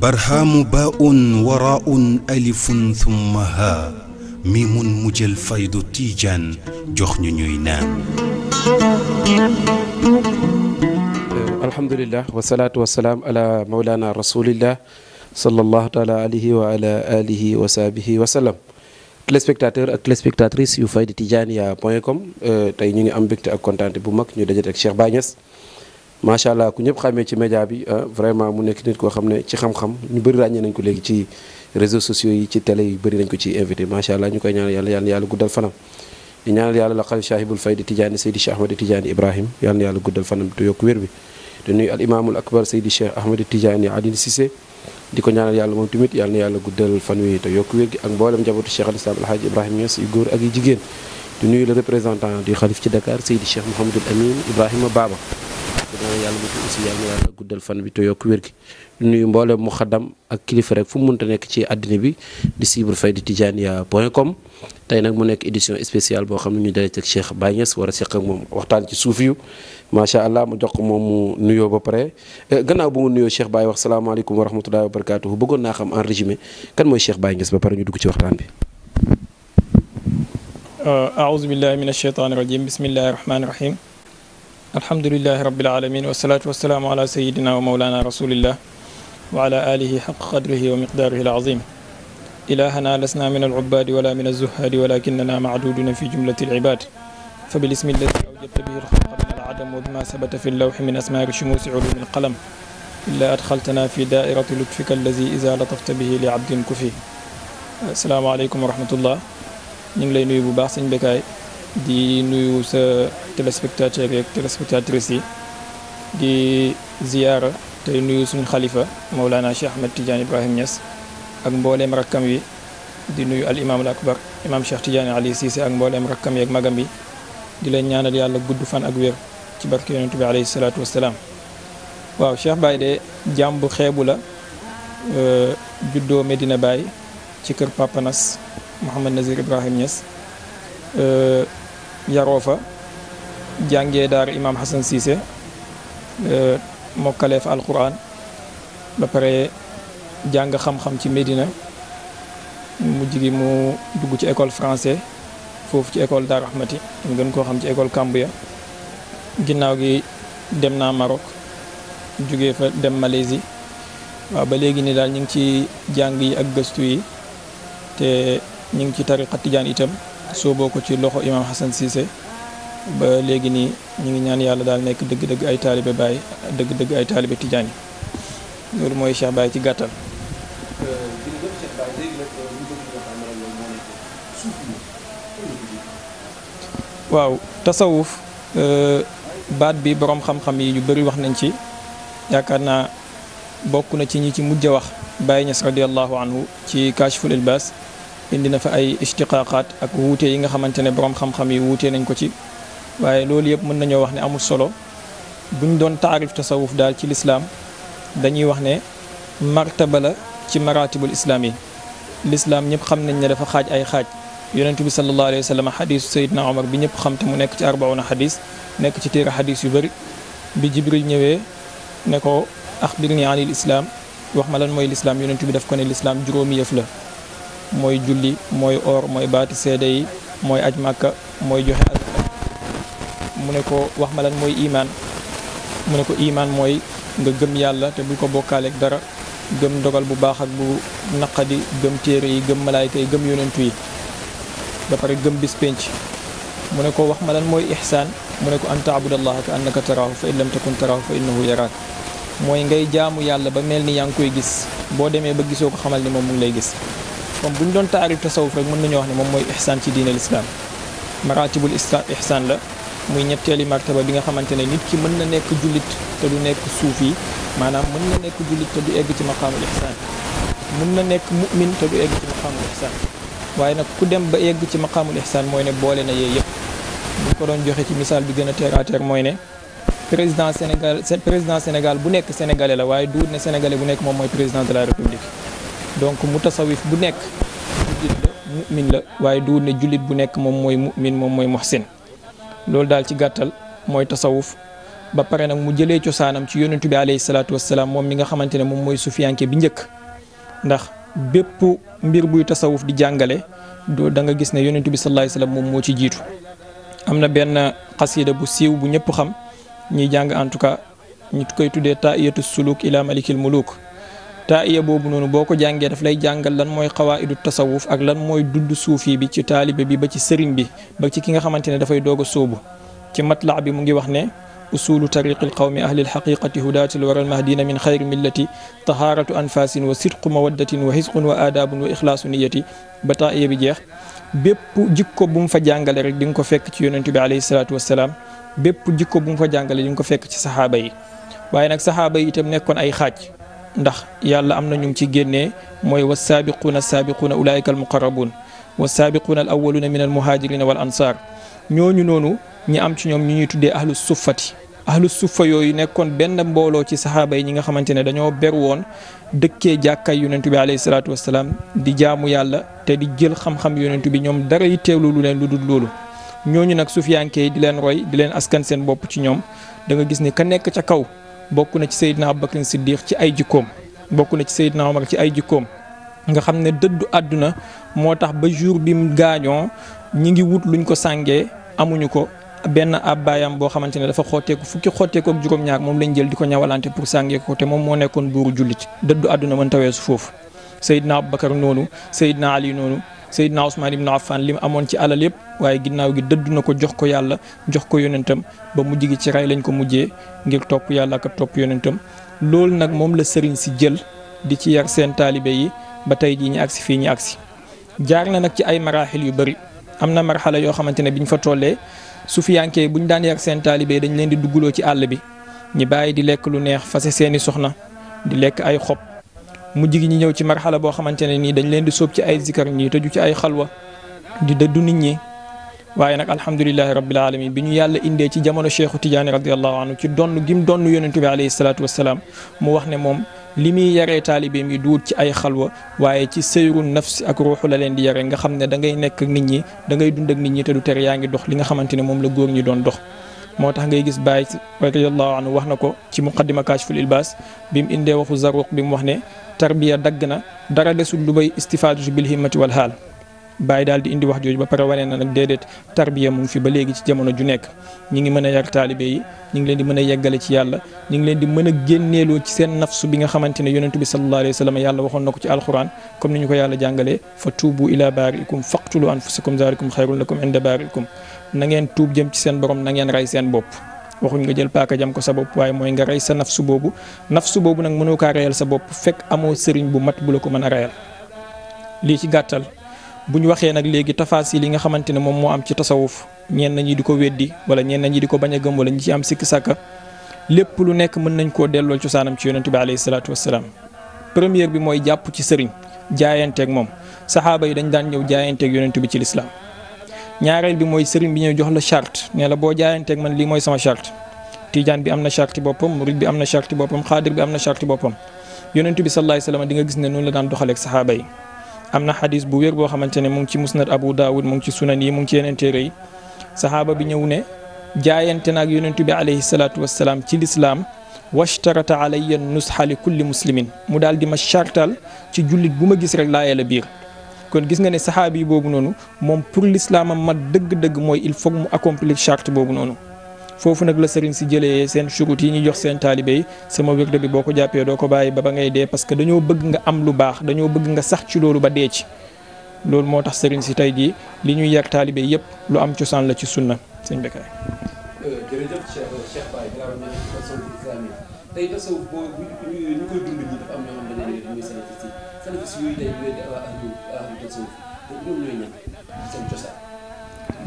برهام باء وراء ألف ثم ها ميم مجل فيض تيجان جخن نينان الحمد لله والصلاة والسلام على مولانا رسول الله صلى الله تعالى عليه وعلى آله وصحبه وسلم téléspectateur ak téléspectatrice yu fayda tidiania point com euh, tey ñu ngi am mbégte ak kontaante bu mag ñu dajate de Cheikh Baye Niass macha allah ku ñëpp xamee ci média bi ah, vraiment mu nekk nit koo xam ne ci xam-xam ñu bëri ràññee nañ ko léegi ci réseaux sociaux yi ci télé yu bëri nañ ko ci invité macha allah ñu koy ñaanal yàlla yàlla yàlla guddal fanam di ñaanal yàlla la xal saahibul fayda tidiani seydi Cheikh Ahmad Tidiane Ibrahim yàlla na yàlla guddal fanam te yokk wér bi te di ko ñaanal yàlla moom tamit yàlla na yàlla guddal fan wi te yokku wér gi ak mboolem njabootu Cheikh al Islam El Hadj Ibrahima Niass yu góor ak yu jigéen di nuyu le représentant du xalif ci Dakar Seydi Cheikh Mouhamadul Amin Ibrahima Baba. di ñaanal yàlla moom aussi yàlla na guddal fan bi te yokku wér gi di nuyu mboolem mu xadam ak kilifa rek fu mu mënta nekk ci àddina bi di suivre di Tidianiya point com. tay nak mu nek édition spéciale bo xamni ñu dalé tek Cheikh Baye wara cheikh ak mom waxtaan ci suuf yu sha allah mu jox mom mu nuyo ba pare gannaaw bu mu nuyo Cheikh Baye wax assalamu alaykum wa rahmatullahi wa barakatuh bëggoon naa xam en régime kan moy Cheikh Baye ba pare ñu dugg ci waxtaan bi. aouzu billahi min asheytaani rajim bismillahi rahmaani rahim alhamdulilahi rabil alamin wasalaatu wasalaamu ala sayidina wa maulana rasulillah wa ala alihi xaq qadrihi wa miqdaarihi al إلهنا لسنا من العباد ولا من الزهاد ولكننا معدودون في جملة العباد فبالاسم الذي أوجدت به الخلق من العدم وبما ثبت في اللوح من أسماء شموس علوم القلم إلا أدخلتنا في دائرة لطفك الذي إذا لطفت به لعبد كفي السلام عليكم ورحمة الله ñu نيو lay بكاي دي baax sëñ Bécaye di nuyu دي زياره yeeg نيو سن خليفه مولانا شيخ nuyu suñu xalifa Mawlana ak mbooleem rakkam yi di nuyu al imaam al akbar imaam Cheikh Tidiane Ali Cissé ak mbooleem rakkam yi ak magam yi di leen ñaanal yàlla gudd fan ak wér ci barke yonent bi alayhi salaatu wasalaam waaw Cheikh Baye de jaam bu xeebu la euh, juddoo Medina Baye ci kër Papanas Mouhamad Nazir Ibrahim Niass euh, yaroo fa jàngee imaam Hassan Cissé euh, mokkaleef alquran ba pare jàng xam-xam ci Médina mu jigi mu dugg ci école français foofu ci école Dar Rahmati ñu gën koo xam ci école Kambuya ginnaaw gi dem naa Maroc jóge fa dem Malaisie waaw ba léegi nii daal ñu ngi ci jàng yi ak gëstu yi te ñu ngi ci tariqa tijaan itam soo boo ko ci loxo imam Hassan Cissé ba léegi nii ñu ngi ñaan yàlla daal nekk dëgg-dëgg ay taalibe Baay dëgg-dëgg ay taalibe tijaan yi loolu mooy Cheikh Baye ci gàttal E e e waaw tasawuf uh, baat bi boroom xam-xam yi yu bari wax nañ ci yaakaar naa bokk na ci ñi ci mujj a wax Baye Niass radiallahu anhu ci Kashful Ilbas indi na fa ay ishtiqaqaat ak wuute yi nga xamante ne boroom xam-xam yi wuute nañ ko ci waaye loolu yëpp mën nañoo wax ni amul solo buñ doon taarif tasawuf daal ci lislaam dañuy wax ne martaba la ci maratibul islam yi lislaam ñëpp xam nañ ne dafa xaj ay xaj yaronte bi sallallahu alayhi wasallam hadith xadisu umar bi ñep xam te mu nekk ci 40 hadith nekk ci téere hadith yu bari bi jibril ñewé ne ko akhbirni ani anil wax ma lan moy l'islam yaronte bi daf ko ne l'islam juróomi yëf la moy julli moy or moy baati sédé yi moy aj màkka moy joxe mu ne ko wax ma lan moy iman mu ne ko iman moy nga gëm yàlla te bu ko ak dara gëm dogal bu baax ak bu naqadi gëm téere yi gëm malaayka yi gëm yonentu yi ba pare gëm bis pénc mu ne ko wax ma lan mooy ihsaan mu ne ko an taabudallaha ka annaka taraahu fa in lam takun taraahu fa innahu yaraak mooy ngay jaamu yàlla ba mel ni yaa ngi koy gis boo demee ba gisoo ko xamal ni moom mu ngi lay gis comme bu ñu doon taarif tasawuf rek mën nañu wax ne moom mooy ihsaan ci diine l' islam maratibul ihsaan la muy ñetteeli martaba bi nga xamantene nit ki mën na nek julit te du nek soufi manam mën na nek julit te du egg ci maqaamul ihsan mën na nek mu'min te du egg ci maqaamul ihsan waye nak ku dem ba egg ci maqaamul ihsan moy ne boole na yee bu ko doon joxe ci misal bi gëna terre à terre moy ne président Sénégal président Sénégal bu nek sénégalais la waye du ne sénégalais bu nek mom moy président de la république donc mu bu nek mu'min la waye du ne julit bu nek mom moy mu'min mom moy muhsin loolu daal ci gàttal mooy tasawuf ba pare nag mu jëlee cosaanam ci yonentu bi alayhi salaatu wasalaam moom mi nga xamante ne moom mooy sufiyanke bi njëkk ndax bépp mbir buy tasawuf di jàngale do da nga gis ne yonentu bi sallallahu alayhi moom moo ci jiitu am na benn xasida bu siiw bu ñëpp xam ñuy jàng en tout cas ñu koy tuddee taiyatu suluk ila malikil muluk taaiya boobu noonu boo ko jàngee daf lay jàngal lan mooy xawaa'idu tasawuf ak lan mooy dudd suufi bi ci taalibe bi ba ci sëriñ bi ba ci ki nga xamante ne dafay doog a sóobu ci matlaa bi mu ngi wax ne usulu tariqi alqawmi ahli alxaqiqati hudaati alwara almahdiina min xayri millati tahaaratu anfaasin wa sidqu mawaddatin wa hisqun wa aadaabun wa ixlaasu niyati ba taaiya bi jeex bépp jikko bu mu fa jàngale rek di nga ko fekk ci yonentu bi alayhi salaatu wasalaam bépp jikko bu mu fa jàngale di nga ko fekk ci saxaaba yi waaye nag saxaaba yi itam nekkoon ay xaaj ndax yàlla am na ñu ngi ci génnee mooy wasaabiquuna saabiquuna ulaayika almuqarrabuun wasaabiquuna al awwaluuna min al muhaajirina wal ansaar ñu noonu ñi am ci ñoom ñu ñuy tuddee ahlu suffati ahlu suffa yooyu nekkoon benn mbooloo ci saxaaba yi ñi nga xamante ne dañoo ber woon dëkkee jàkkaay yonentu bi alayhi salaatu wasalaam di jaamu yàlla te di jël xam-xam yonentu bi ñoom dara yi teelu lu leen lu dul loolu ñooñu nag sufiyanke yi di leen roy di leen askan seen bopp ci ñoom da nga gis ni ka nekk ca kaw bokk na ci Seydina Abubakar Siddiq ci ay jikkoom bokk na ci Seydina Omar ci ay jikkoom nga xam ne dëddu àdduna moo tax ba jour bi mu gaañoo ñi ngi wut lu ñu ko sàngee amuñu ko benn abbaayam boo xamante ne dafa xotteeku fukki xotteeku ak juróom-ñaar moom lañ jël di ko ñawalante pour sàngee ko te moom moo nekkoon buuru jullit dëddu àdduna mën tawee su foofu Seydina Aboubacar noonu Seydina Ali noonu Seydina Ousmane Ibn Affan li mu amoon ci alal yëpp waaye ginnaaw gi dëddu na ko jox ko yàlla jox ko yonentam ba mujj gi ci rey lañ ko mujjee ngir topp yàlla ak topp yonentam loolu nag moom la sëriñ si jël di ci yar seen taalibe yi ba tey jii ñu agsi fii ñu agsi jaar na nag ci ay maraaxil yu bëri am na marxala yoo xamante ne ñu fa tollee sufiyankee buñ daan yar seen taalibe dañ leen di dugguloo ci àll bi ñu bàyyi di lekk lu neex fase seeni soxna di lekk ay xob mu gi ñi ñëw ci marxala boo xamante ne nii dañ leen di sóob ci ay zikar ñuy tëju ci ay xalwa di du nit ñi waaye nag alhamdulilahi rabbil alamin bi ñu yàlla indee ci jamono cheikhu tijaani radiallahu anhu ci donn gim donn yonentu bi alayhi salaatu wasalaam mu wax ne moom li muy yaree taalibeem yi duut ci ay xalwa waaye ci sëyru nafsi ak ruuxu la leen di yare nga xam ne da ngay nekk nit ñi dangay ngay dund ak nit ñi te tere yaa ngi dox li nga xamante ne moom la góor ñi doon dox moo tax ngay gis Baay radiyallahu anhu wax na ko ci muqaddima Kaashiful Ilbaas bi mu indee waxu Zaruq bi mu wax ne tarbiya dagg na dara desul lu bay istifaadatu bil himmati wal haal bàyyi daal di indi wax jooju ba pare wane na nag déedéet tarbiya mu ngi fi ba léegi ci jamono ju nekk ñi ngi mën a yar taalibe yi ñi ngi leen di mën a yeggale ci yàlla ñi ngi leen di mën a génneeloo ci seen nafsu bi nga xamante ne yonentu bi sallallahu alayhi waxoon na ko ci alquran comme ni ñu ko yàlla jàngalee fa tuubu ila baarikum faqtulu anfusakum zaalikum xayrun lakum inda baarikum na ngeen tuub jëm ci seen borom na ngeen rey seen bopp waxuñ nga jël paaka jam ko sa bopp waaye mooy nga rey sa nafsu boobu nafsu boobu nag mënoo kaa reyal sa bopp fekk amoo sëriñ bu mat bu la ko mën a reyal lii ci gàttal bu ñu waxee nag léegi tafaasil yi nga xamante ne moom moo am ci tasawuf ñenn ñi di ko weddi wala ñenn ñi di ko bañ a gëm wala ñi ci am sikki sàkka lépp lu nekk mën nañ ko delloo cosaanam ci yonent bi alayhi salaatu wasalaam première bi mooy jàpp ci sëriñ jaayanteek moom saxaaba yi dañ daan ñëw jaayanteeg yonent bi ci lislaam ñaareel bi moy serigne bi ñëw jox la charte ne la bo jaayante ak man li moy sama charte tidiane bi amna charte bopam murid bi amna charte bopam khadir bi amna charte bopam yonentu bi sallallahu alayhi wasallam di nga gis ne non la daan ak sahaba yi amna hadith bu wér bo xamantene mu ngi ci musnad abu daud mu ngi ci sunan yi mu ngi ci yenen tere yi sahaba bi ñëw ne jaayante nak yonentu bi alayhi salatu wassalam ci l'islam washtarata alayya nusxa li kulli muslimin mu daal di ma chartal ci jullit bu ma gis rek laaya la biir kon gis nga ne saxaabi boobu noonu moom pour lislaamam mat dëgg-dëgg mooy il faut mu accomplir charte boobu noonu foofu nag la sëriñ si jëlee seen surut yi ñuy jox seen taalibe yi sama wérde bi boo ko jàppee doo ko bàyyi ba ba ngay dee parce que dañoo bëgg nga am lu baax dañoo bëgg nga sax ci loolu ba dee ci loolu moo tax sëriñ si tey jii li ñuy yar taalibe yëpp lu am cosaan la ci sunna sëñ Bécaye. Euh, jërëjëf ci suuf ñoom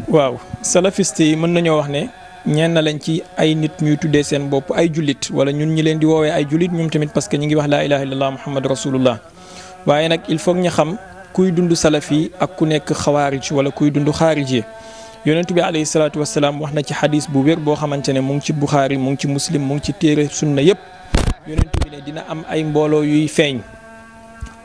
waaw salafiste yi mën nañoo wax ne ñenn lañ ci ay nit ñuy tuddee seen bopp ay jullit wala ñun ñi leen di woowee ay jullit ñoom tamit parce que ñu ngi wax laa ilaha illallah muhammad rasulullah waaye nag il faut ña xam kuy dund salaf yi ak ku nekk xawaarij wala kuy dund xaarij yi yonent bi alayhi salaatu wasalaam wax na ci xadis bu wér boo xamante ne mu ngi ci buxaari mu ngi ci muslim mu ngi ci téere sunna yépp yonent bi ne dina am ay mbooloo yuy feeñ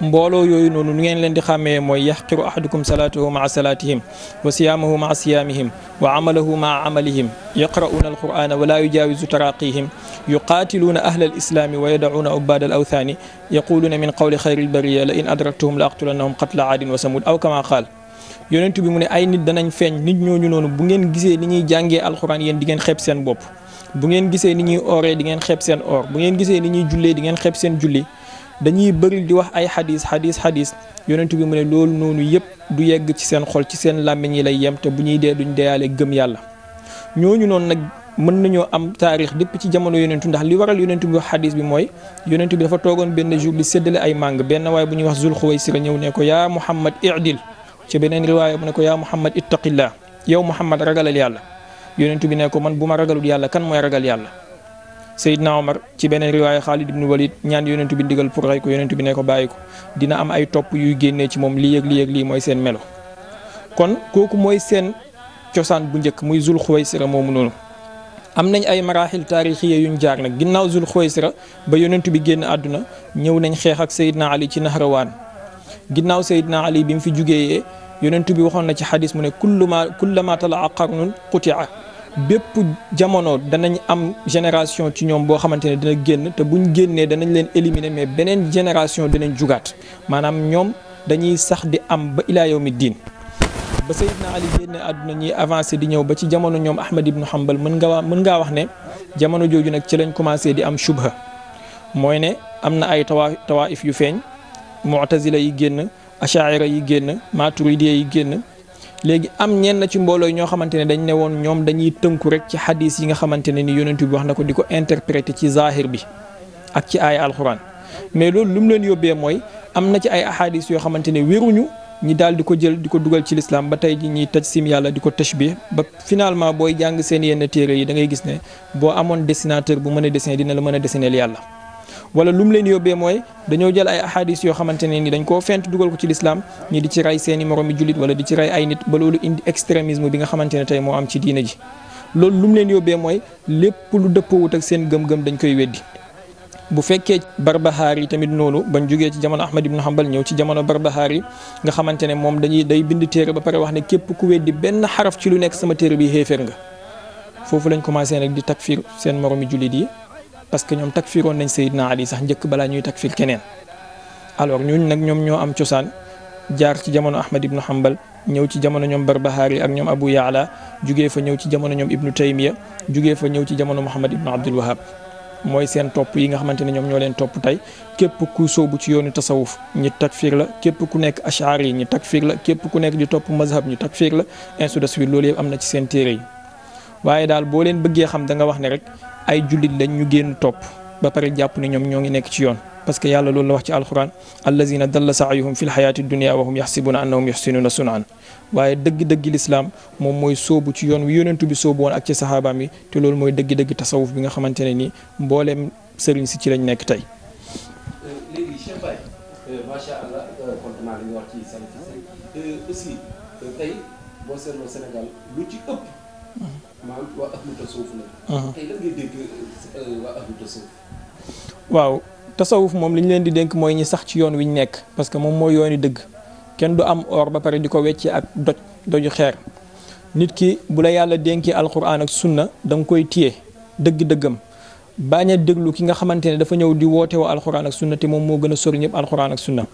mbolo yoy nonu ngeen len di xame moy yahqiru ahadukum salatuhu maa salatihim wa siyamuhu maa siyamihim wa amaluhu maa amalihim yaqra'una alqur'ana wa la yujawizu taraqihim yuqatiluna ahla alislam wa yad'una ubad al yaquluna min qawli khayr albariya la in adraktuhum la aqtulannahum qatla wa samud aw kama qala yonentou bi mune ay nit danañ feeñ nit ñooñu nonu bu ngeen gisee ni ñi jange alquran yéen di ngeen xeb seen bop bu ngeen gisee ni ñi oré di ngeen xeb seen or bu ngeen gisee ni ñi julle di ngeen xeb seen julli dañuy bëri di wax ay xadis xadis xadis yonent bi mu ne loolu noonu yëpp du yegg ci seen xol ci seen làmmiñ yi lay yem te bu ñuy dee duñ deyaale gëm yàlla ñoo ñu noonu nag mën nañoo am taarix depuis ci jamono yonentu ndax li waral yonentu bi wax xadis bi mooy yonentu bi dafa toogoon benn jour di séddale ay màng benn waaye bu ñuy wax Zulxuwaysira ñëw ne ko yaa Muhammad i'dil ci beneen riwaaya mu ne ko yaa Muhammad ittaqillah yow Muhammad ragalal yàlla yonentu bi ne ko man bu ma ragalul yàlla kan mooy ragal yàlla Seydina Omar ci beneen riwaaya Xaalid ibnu Walid ñaan yonent bi ndigal pour rey ko yonent bi ne ko bàyyi ko dina am ay topp yuy génnee ci moom li yëg lii ak lii mooy seen melo kon kooku mooy seen cosaan bu njëkk muy Zul Xuwaysira moomu noonu am nañ ay maraaxil taarixiya yuñ jaar nag ginnaaw Zul Xuwaysira ba yonent bi génn àdduna ñëw nañ xeex ak Seydina Ali ci Nahrawaan ginnaaw Seydina Ali bi mu fi jugee yonent bi waxoon na ci xadis mu ne kullu ma kullama tala qarnun qutia bépp jamono danañ am génération ci ñoom boo xamante ne dina génn te buñ génnee danañ leen éliminer mais beneen génération dinañ jugaat maanaam ñoom dañuy sax di am ba ilaa yawmi diin ba Seydina Ali génne àdduna ñuy avancer di ñëw ba ci jamono ñoom Ahmad ibn Hanbal mën nga mën ngaa wax ne jamono jooju nag ci lañ commencé di am shubha mooy ne am na ay tawa tawaif yu feeñ mu'tazila yi génn ashaira yi génn maturidiya yi génn léegi am ñenn ci mbooloo ñoo xamante ne dañ ne woon ñoom dañuy tënku rek ci xadis yi nga xamante ne ni yonent bi wax na ko di ko interpréter ci zahir bi ak ci aaya alxuraan mais loolu lu mu leen yóbbee mooy am na ci ay ahadis yoo xamante ne wéruñu ñi daal di ko jël di ko dugal ci lislaam ba tey ji ñuy tajsim yàlla di ko tashbih ba finalement booy jàng seen yenn téere yi da ngay gis ne boo amoon desinateur bu mën a dessiner dina la mën a dessiner yàlla wala lu mu leen yóbbee mooy dañoo jël ay ahadis yoo xamante ne ni dañ koo fent dugal ko ci lislaam ñi di ci rey seeni moromi jullit wala di ci rey ay nit ba loolu indi extrémisme bi nga xamante ne tey moo am ci diina ji loolu lu mu leen yóbbee mooy lépp lu dëppoowut ak seen gëm-gëm dañ koy weddi bu fekkee barbahaar yi tamit noonu bañ jógee ci jamono Ahmad ibn Hanbal ñëw ci jamono barbahaar yi nga xamante ne moom dañuy day bind téere ba pare wax ne képp ku weddi benn xaraf ci lu nekk sama téere bi xéeféer nga foofu lañ commencé nag di takfir seen moromi jullit yi parce que ñoom takfiroon nañ Seydina Ali sax njëkk balaa ñuy takfir keneen alors ñu nag ñoom ñoo am cosaan jaar ci jamono Ahmad ibnu Hanbal ñëw ci jamono ñoom Barbahari ak ñoom Abu Yaala jugee fa ñëw ci jamono ñoom Ibnu Taymiya jugee fa ñëw ci jamono Muhammad ibnu Abdul Wahab mooy seen topp yi nga xamante ne ñoom ñoo leen topp tey képp ku soobu ci yoonu tasawuf ñi takfir la képp ku nekk ashar yi ñi takfir la képp ku nekk di topp mazhab ñi takfir la ainsi de suite loolu yëpp am na ci seen téere waaye daal boo leen bëggee xam da nga wax ne rek ay jullit lañ ñu génn topp ba pare jàpp ne ñoom ñoo ngi nekk ci yoon parce que yàlla loolu la wax ci alquran allazina dalla saayuhum fi lxayaati dunia wa hum yaxsibuna dëgg-dëgg lislaam moom mooy soobu ci yoon wi yonentu bi soobu woon ak ci saxaabaam yi te loolu mooy dëgg-dëgg tasawuf bi nga xamante ne nii mbooleem sëriñ si ci lañ nekk tey euh, macha allah kontaan euh, maanaam waa euh, waaw tasawuf moom li ñu leen di dénk mooy ñi sax ci yoon wi ñu nekk parce que moom mooy yooni dëgg kenn du am or ba pare di ko wecci ak doj doju xeer nit ki bu la yàlla denkee alxuraan ak sunna da nga koy téye dëgg-dëggam. bañ a déglu ki nga xamante ne dafa ñëw di woote wa alxuraan ak sunna te moom moo gën a sori ñëpp alxuraan ak sunna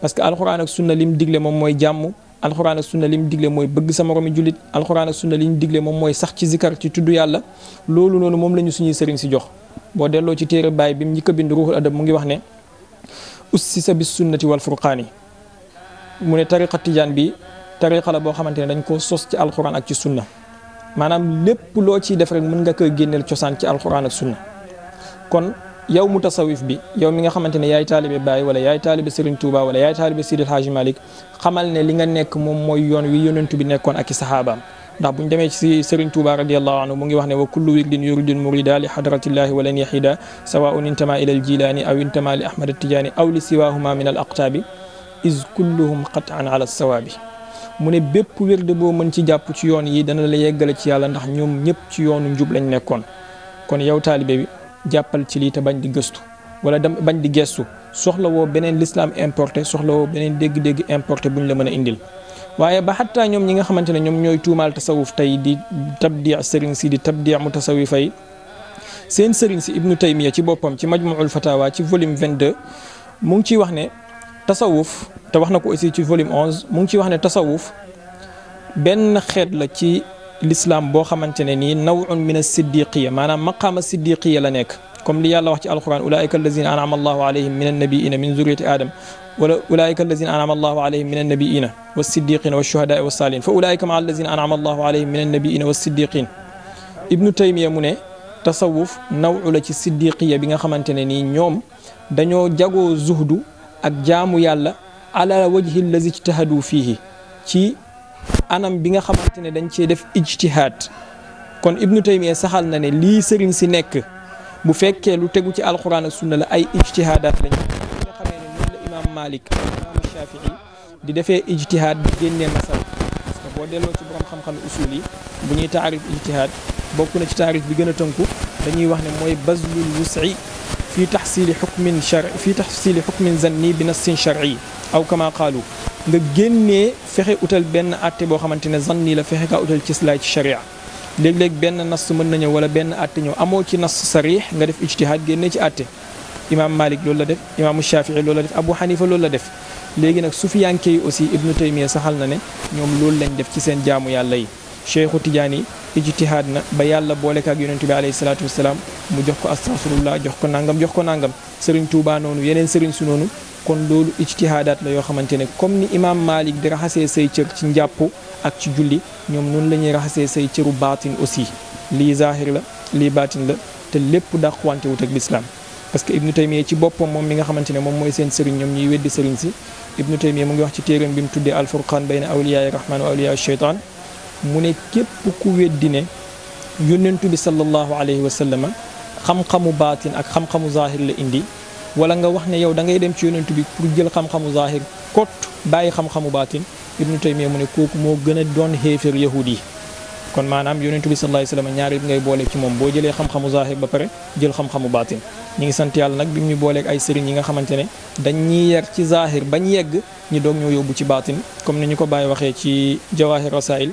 parce que alxuraan ak sunna lim digle moom mooy jàmm alxuraan ak sunna lim digle mooy bëgg sa moromi jullit alxuraan ak sunna lim digle moom mooy sax ci zikar ci tudd yàlla loolu noonu moom la suñuy sëriñ si jox boo delloo ci téere baay bi mu njëkk a bind ruuxul adab mu ngi wax ne ussisa bis sunnati wal furqaani mu ne tariqa tijaan bi tariqa la boo xamante ne dañ koo sos ci alxuraan ak ci sunna maanaam lépp loo ciy def rek mën nga koy génneel cosaan ci alxuraan ak sunna kon yow mu tasawif bi yow mi nga xamante ne yaay taalibe Baay wala yaay taalibe Serigne Touba wala yaay taalibe Sidi El Hadji Malick xamal ne li nga nekk moom mooy yoon wi yonentu bi nekkoon ak i saxaabaam ndax buñ demee ci Serigne Touba radiallahu anhu mu ngi wax ne wa kullu wirdin yuridul murida li hadratillahi walan yahida sawaun intama ila al jilani aw intama li ahmad atijani aw li siwahuma min al aqtaabi is kulluhum qatan ala sawaabi mu ne bépp wérde boo mën ci jàpp ci yoon yi dana la yeggale ci yàlla ndax ñoom ñëpp ci yoonu njub lañ nekkoon kon yow taalibe bi jàppal ci li te bañ di gëstu wala dem bañ di gestu soxla wo benen l'islam importé soxla wo benen dégg-dégg importé buñ la mëna indil waye ba hatta ñom ñi nga xamantene ñom ñoy tuumal tasawuf tay di tabdi sëriñ si di tabdi mutasawifay seen sëriñ si ibnu taymiya ci bopam ci majmuul fatawa ci volume 22 mu ngi ci wax ne tasawuf te wax na ko aussi ci volume 11 mu ngi ci wax ne tasawuf benn xeet la ci l'islam boo xamante ne nii nawun min as-siddiqiya maanaam maqaama siddiqiya la nekk comme li yàlla wax ci alquran ulaika allazina anama allahu alayhim min annabiina min zuriyati adam wala ulaika allazina anama allahu alayhim min annabiina wasiddiqina washuhadaai wasalihin fa ulaika maa allazina anama allahu alayhim min annabiina wasiddiqin ibnu taymiya mu ne tasawuf nawu la ci siddiqiya bi nga xamante ne nii ñoom dañoo jagoo zuhdu ak jaamu yàlla ala wajhi allazi ijtahadu fiihi ci anam bi nga xamante ne dañ cee def ijtihaad kon ibnu taymiya saxal na ne lii sëriñ si nekk bu fekkee lu tegu ci alxuraan ak sunna la ay ijtihaadaat lañ nga xamee ne noonu la imaam malik imaam shafii di defee ijtihaad di génnee masal parce boo delloo ci borom xam-xam usul yi bu ñuy taarif ijtihaad bokk na ci taarif bi gën a tënku dañuy wax ne mooy bazlul wus'i fi taxsili xukmin char fi taxsili xukmin zanni bi nassin char'i aw kama qaalu nga génnee fexe utal benn ate boo xamante ne zanni la fexe kaa utal cëslaay ci charia léeg-léeg benn nas mën na ñëw wala benn atte ñëw amoo ci nas sarix nga def ijtihaad génne ci atte imaam Malik loolu la def imaamu Shafii loolu la def Abu Hanifa loolu la def léegi nag sufiyanke yi aussi ibnu Taymiya saxal na ne ñoom loolu lañ def ci seen jaamu yàlla yi Cheikhu Tidiane ijtihaad na ba yàlla boole ko ak yonent bi alayhi salaatu wasalaam mu jox ko astaghfirullah jox ko nangam jox ko nangam sëriñ Touba noonu yeneen sëriñ su noonu kon loolu ijtihaadaat la yoo xamante ne comme ni imaam Malik di raxasee say cër ci njàpp ak ci julli ñoom noonu la ñuy raxasee say cëru baatin aussi lii zahir la lii baatin la te lépp dàquwante wut ak lislaam parce que ibnu taymiya ci boppam moom mi nga xamante ne moom mooy seen sëriñ ñoom ñuy weddi sëriñ si ibnu taymiya bi mu tuddee alfurqaan bayna awliyaay rahmaan mu ne képp ku weddi ne yónnentu bi sallallahu alayhi wa sallam xam-xamu baatin ak xam-xamu zahir la indi wala nga wax ne yow da ngay dem ci yónnentu bi pour jël xam-xamu zahir kot bàyyi xam-xamu baatin ibnu taymiya mu ne kooku moo gën a doon xéeféer yahud yi kon maanaam yónnentu bi sallallahu alayhi wa sallam ñaar yëpp ngay boole ci moom boo jëlee xam-xamu zahir ba pare jël xam-xamu baatin ñi ngi sant yàlla nag bi ñu booleeg ay sëriñ ñi nga xamante ne dañ ñuy yar ci zahir bañ yegg ñi doog ñoo yóbbu ci baatin comme ni ñu ko bàyyi waxee ci jawahir rasail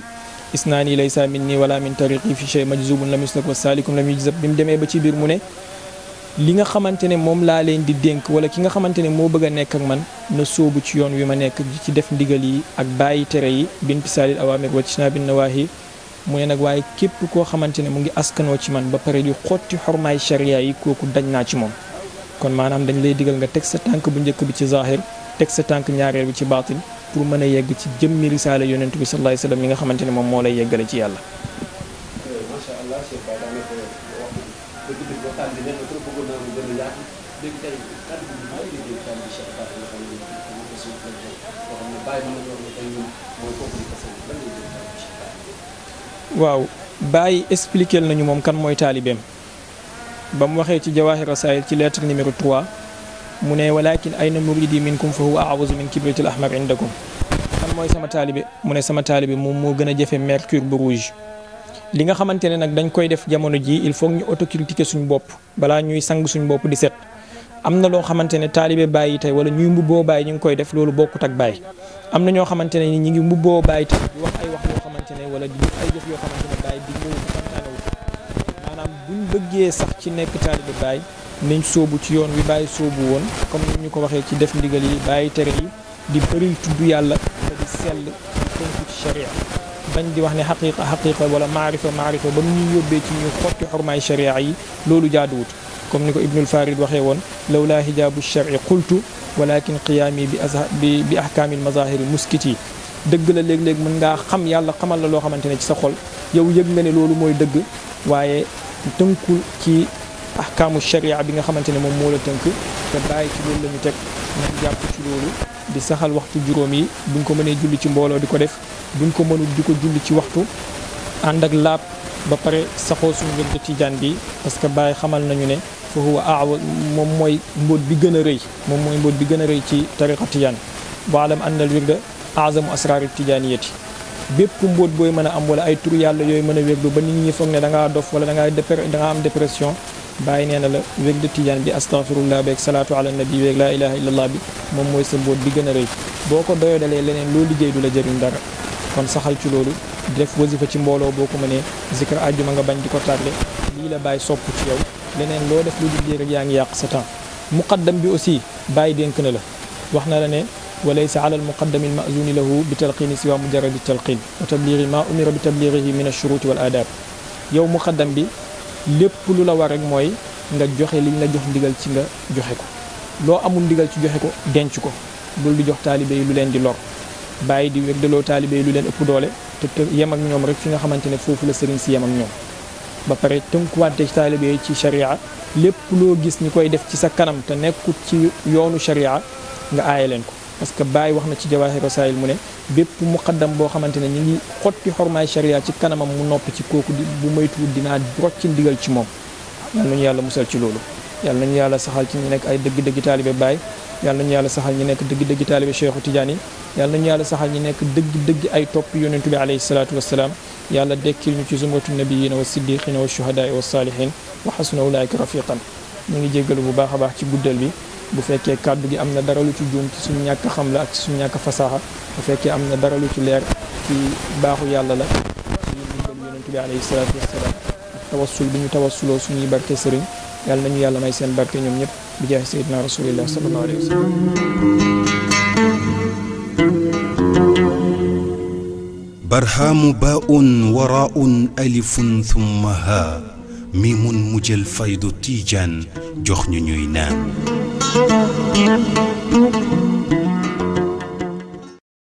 isnaani laysa minni wala min tariqi fi shay majzubun lam yuslak wa saalikum lam yujzab bi mu demee ba ci biir mu ne li nga xamante ne moom laa leen di dénk wala ki nga xamante ne moo bëgg a nekk ak man na soobu ci yoon wi ma nekk ci def ndigal yi ak bàyyi tere yi bin pisaalil awaamir wa tinaabi nawaahi mu ne nag waaye képp koo xamante ne mu ngi askanoo ci man ba pare di xotti xormaay charia yi kooku dañ naa ci moom kon maanaam dañ lay digal nga teg sa tànk bu njëkk bi ci zahir teg sa tànk ñaareel bi ci baatin pour mën a yegg ci jëmmi risaale yonent bi sallallahu alayhi wasallam mi nga xamante ne moom ci yàlla. macha waaw Baye expliqué nañu moom kan mooy taalibeem ba mu waxee ci Jawaahir Rasaa'il ci lettre numéro 3. mu ne walakin ayna muridi minkum fa huwa a'awuzu min kibritil ahmar indakum man mooy sama taalibe mu ne sama taalibe moom moo gën a jafe mercure bu rouge li nga xamante ne nag dañ koy def jamono ji il faut ñu autocritiquer suñ bopp balaa ñuy sang suñ bopp di set am na loo xamante ne taalibe bàyyi tey wala ñuy mbubboo bàyyi ñu ngi koy def loolu bokkut ak bàyyi am na ñoo xamante ne ñi ngi mbubboo bàyyi tey di wax ay wax yoo xamante ne wala di ay jëf yoo xamante ne bàyyi di ñëw santaanewul maanaam buñ bëggee sax ci nekk taalibe bàyyi nañ sóobu ci yoon wi baye sóobu won comme ñu ko waxe ci def ndigal yi baye tere yi di bari tuddu yàlla te di sel ci sharia bañ di wax ne haqiqa haqiqa wala ma'rifa ma'rifa ba ñu yóbbee ci ñu xoti hurmay sharia yi lolu jaadu wut comme niko ko ibnul farid waxe won lawla hijabu shari qultu walakin qiyaami bi azha bi bi ahkaamil mazahiri muskit yi dëgg la léeg-léeg mën ngaa xam yàlla xamal la loo xamante ne ci sa xol yow yëg nga ne loolu mooy dëgg waaye tënkul ci أحكام sharia bi nga xamante ne تنك تبعي كل اللي te bàyyi ci loolu la وقت teg بنكم من ci loolu di saxal waxtu juróom yi buñ ko mënee julli ci mbooloo di ko تي buñ بس mënul di نجني فهو أعو مموي مود بيجنري مموي مود بيجنري تي طريقة تيان tijaan أن الورد أعظم أسرار xamal nañu ne mbóot booy mën a am wala ay tur yàlla yooyu mën a ba nit ñi foog ne da ngaa dof wala da ngaa da ngaa am dépression bàyyi nee na la wég de tijaan bi astaghfirullah beeg salaatu ala nabi beeg laa ilaha illallah bi moom mooy sa mbóot bi gën a rëy boo ko doyo dalee leneen loo liggéey du la jëriñ dara kon saxal ci loolu def wasifa ci mbooloo boo ko mënee zikr àjjuma nga bañ di ko tàlle la bàyyi sopp ci yow leneen loo def lu liggéey rek yaa yàq sa temps muqaddam bi aussi bàyyi dénk na la wax la ne walaysa ala almuqaddami almazuni lahu bi talqini siwa mujarradi talqin wa tabligi ma umira bi tabligihi min alshuruti wal adab lépp lu la war rek mooy nga joxe liñ la jox ndigal ci nga joxe ko loo amul ndigal ci joxe ko denc ko bul di jox taalibe lu leen di lor bàyyi di rek daloo taalibe yi lu leen ëpp doole te yem ak ñoom rek fi nga xamante ne foofu la sëriñ si yem ak ñoom ba pare tënkuwante ci taalibe ci sharia lépp loo gis ñu koy def ci sa kanam te nekkut ci yoonu sharia nga aaye leen ko parce que Baye wax na ci Jawaahir Rasaa'il mu ne bépp muqaddam boo xamante ne ñu ngi xotti xormaay sharia ci kanamam mu noppi ci kooku di bu moytuwul dinaa rocc ci ndigal ci moom yàlla nañu yàlla musal ci loolu yàlla nañu yàlla saxal ci ñu nekk ay dëgg-dëgg taalibe Baay yàlla nañu yàlla saxal ñu nekk dëgg-dëgg taalibe Cheikhu Tidiane yi yàlla nañu yàlla saxal ñu nekk dëgg-dëgg ay topp yonentu bi alayhi salaatu wassalaam yàlla dekkil ñu ci zumratu nabiyiina wa siddiqina wa shuhadaa wa saalihin wa xasuna ulaayka rafiqan ñu ngi jéggalu bu baax a baax ci guddal bi bu fekkee kàddu gi am na dara lu ci juum ci ñàkk xam la ak ci suñu ñàkk bu fekkee am na dara lu ci leer baaxu yàlla la ci ndigal yonent bi alayhi salaatu ñu tawassuloo suñuy barke sëriñ yàlla nañu yàlla may seen barke ñoom ñëpp bi jaay sayyidina rasulillah sallallahu alayhi wa sallam barhamu baun waraun alifun thumma ha faydu tiijaan jox ñu ñuy naan Thank